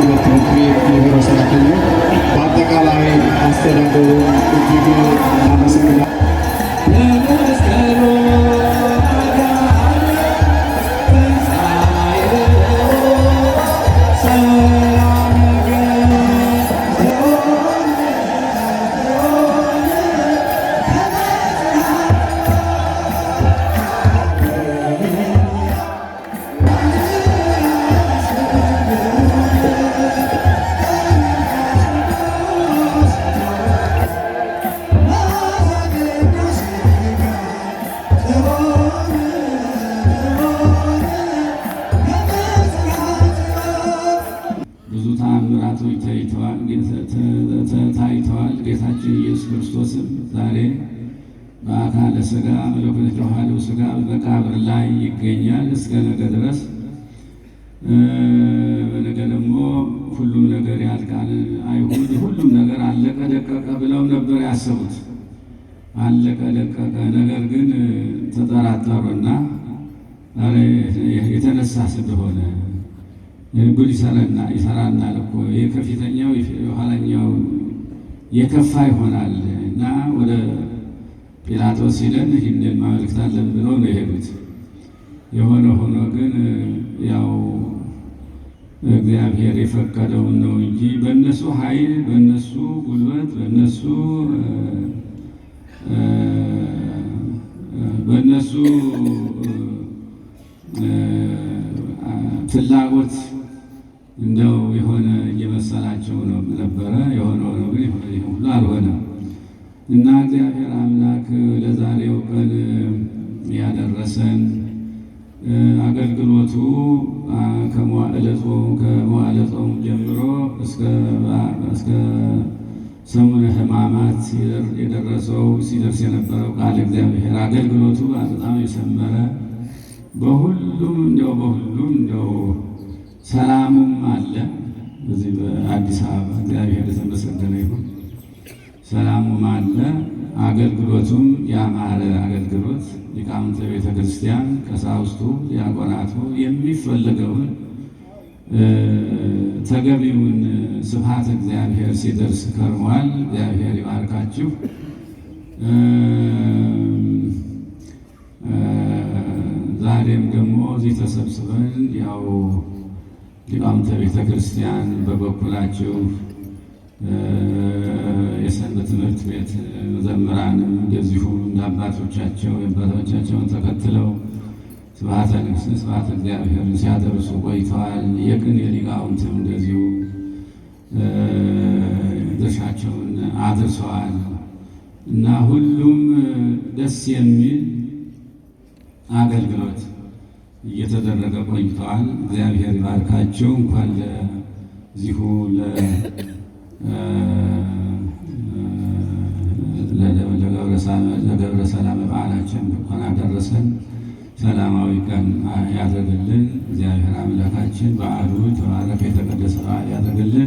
ഇരുപത്തിരണ്ട് ഈ ഒരു സ്ഥലത്തിന് വാർത്തക്കാലായി ആസ്ഥിരവും താമസിക്കുന്ന ዛሬ በአካለ ስጋ መለኮት የተዋህደው ስጋ በመቃብር ላይ ይገኛል እስከ ነገ ድረስ። በነገ ደግሞ ሁሉም ነገር ያልቃል። አይሁድ ሁሉም ነገር አለቀ ደቀቀ ብለው ነበር ያሰቡት፣ አለቀ ደቀቀ። ነገር ግን ተጠራጠሩና የተነሳ ስለሆነ ጉድ ይሰራና ይሰራናል እኮ የከፊተኛው የኋላኛው የከፋ ይሆናል ወደ ጲላጦስ ሄደን ይህንን ማመልክት አለን ብለው ነው የሄዱት። የሆነ ሆኖ ግን ያው እግዚአብሔር የፈቀደውን ነው እንጂ በእነሱ ኃይል፣ በእነሱ ጉልበት፣ በእነሱ በእነሱ ፍላጎት እንደው የሆነ እየመሰላቸው ነው ነበረ። የሆነ ሆኖ ግን ሁሉ አልሆነም። እና እግዚአብሔር አምላክ ለዛሬው ቀን ያደረሰን አገልግሎቱ ከመዋዕለ ጾሙ ጀምሮ እስከ ሰሙነ ሕማማት የደረሰው ሲደርስ የነበረው ቃል እግዚአብሔር አገልግሎቱ በጣም የሰመረ በሁሉም እንደው በሁሉም እንደው ሰላሙም አለ። በዚህ በአዲስ አበባ እግዚአብሔር የተመሰገነ ይሁን። ሰላሙ ማለ አገልግሎቱም ያማረ አገልግሎት ሊቃውንተ ቤተ ክርስቲያን ቀሳውስቱ፣ ዲያቆናቱ የሚፈለገውን ተገቢውን ስፋት እግዚአብሔር ሲደርስ ከርሟል። እግዚአብሔር ይባርካችሁ። ዛሬም ደግሞ እዚህ ተሰብስበን ያው ሊቃውንተ ቤተ ክርስቲያን በበኩላችሁ የሰንበት ትምህርት ቤት መዘምራንም እንደዚሁ እንደ አባቶቻቸው የአባቶቻቸውን ተከትለው ስብሐተ ነፍስ ስብሐተ እግዚአብሔርን ሲያደርሱ ቆይተዋል። የቅን የሊቃውንትም እንደዚሁ ድርሻቸውን አድርሰዋል እና ሁሉም ደስ የሚል አገልግሎት እየተደረገ ቆይተዋል። እግዚአብሔር ይባርካቸው። እንኳን ለዚሁ ለገብረ ሰላም በዓላችን እንኳን አደረሰን። ሰላማዊ ቀን ያደርግልን እግዚአብሔር አምላካችን። በዓሉ የተባረከ የተቀደሰ በዓል ያደርግልን።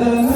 응. 네.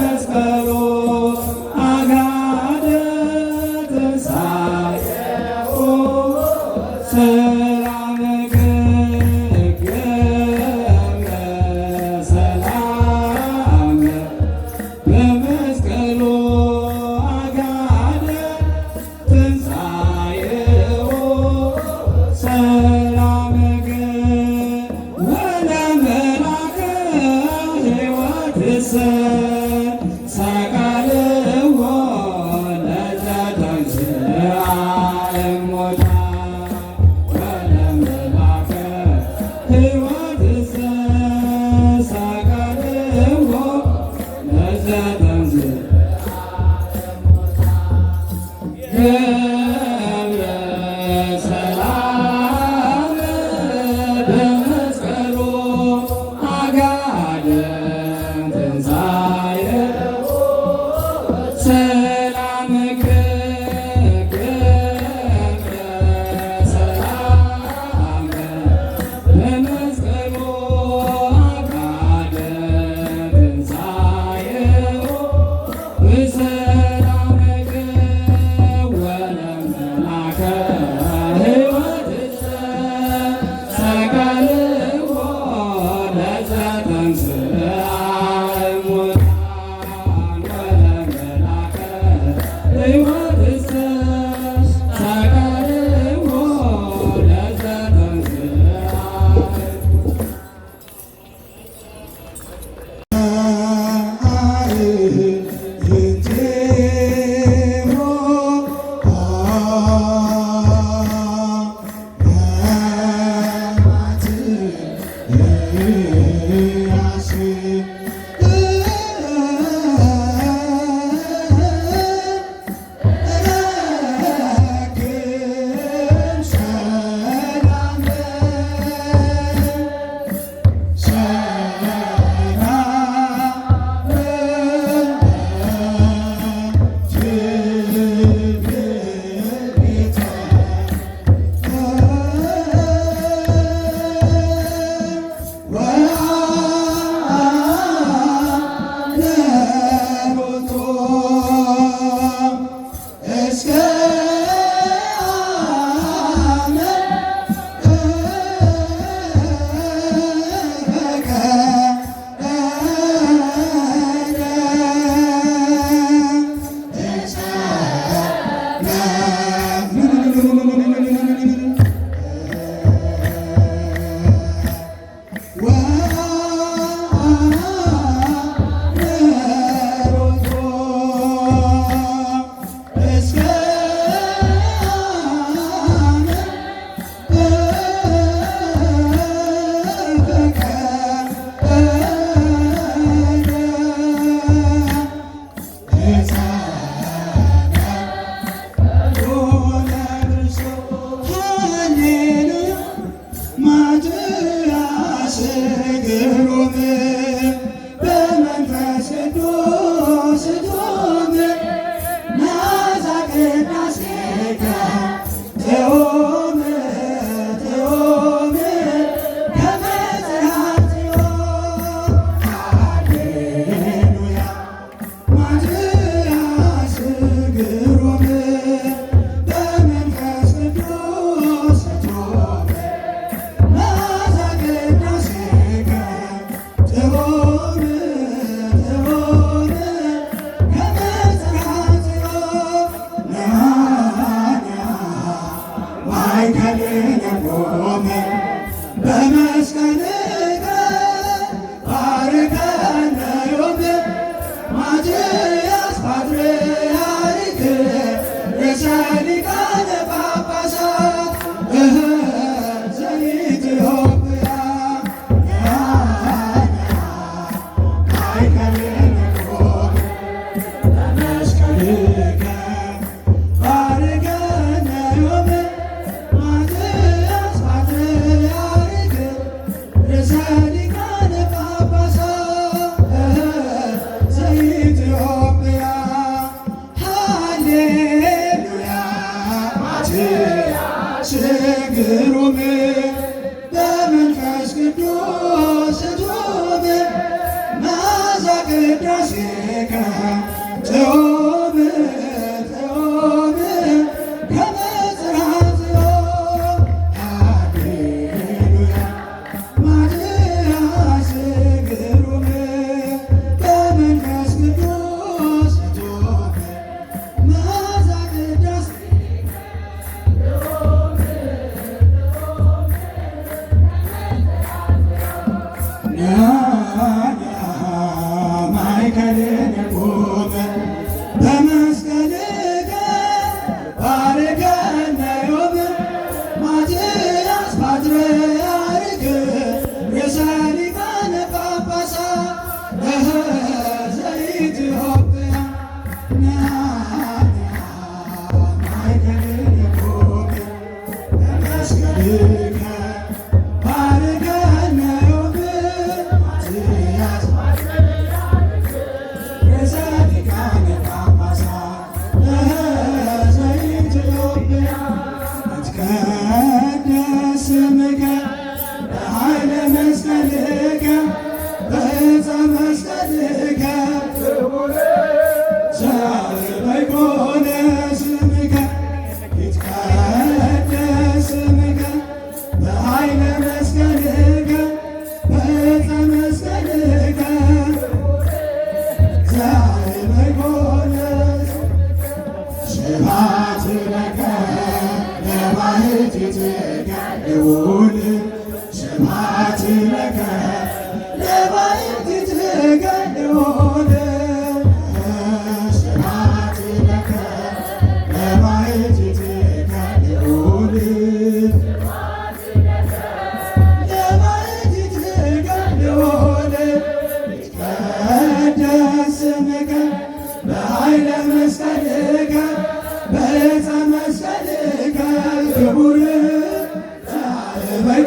ራስ ግሩም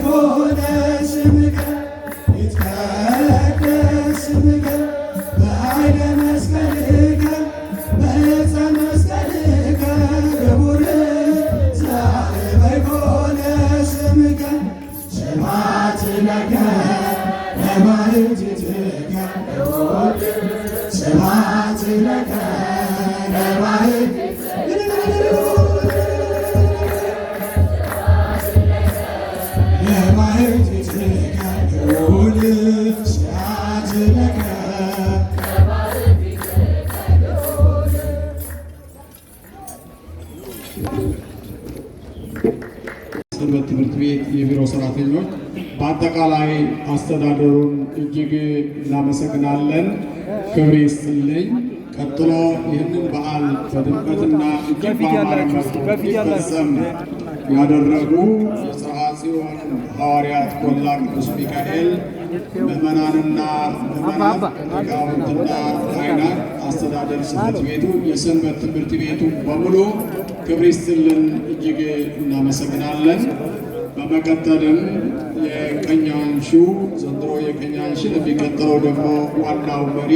Oh. አጠቃላይ አስተዳደሩን እጅግ እናመሰግናለን። ክብር ይስጥልኝ። ቀጥሎ ይህንን በዓል በድምቀትና እጅግ ያደረጉ የጽርሐ ሐዋርያት ቆላ ቅዱስ ሚካኤል ምዕመናንና ምዕመናት፣ ሊቃውንትና ካህናት፣ አስተዳደር ጽሕፈት ቤቱ፣ የሰንበት ትምህርት ቤቱ በሙሉ ክብር ይስጥልን። እጅግ እናመሰግናለን። በመቀጠልም ያላችሁ ዘንድሮ የገኛንሽ የሚቀጥለው ደግሞ ዋናው መሪ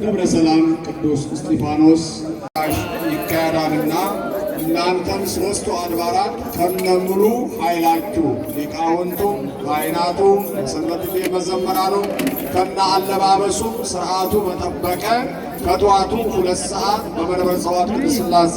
ደብረ ሰላም ቅዱስ እስጢፋኖስ ይካሄዳልና እናንተም ሶስቱ አድባራት ከነሙሉ ኃይላችሁ ሊቃውንቱም፣ ካህናቱም፣ የሰንበት መዘምራኑ ከነ አለባበሱ ስርዓቱ በጠበቀ ከጠዋቱ ሁለት ሰዓት በመንበረ ጸባኦት ቅድስት ሥላሴ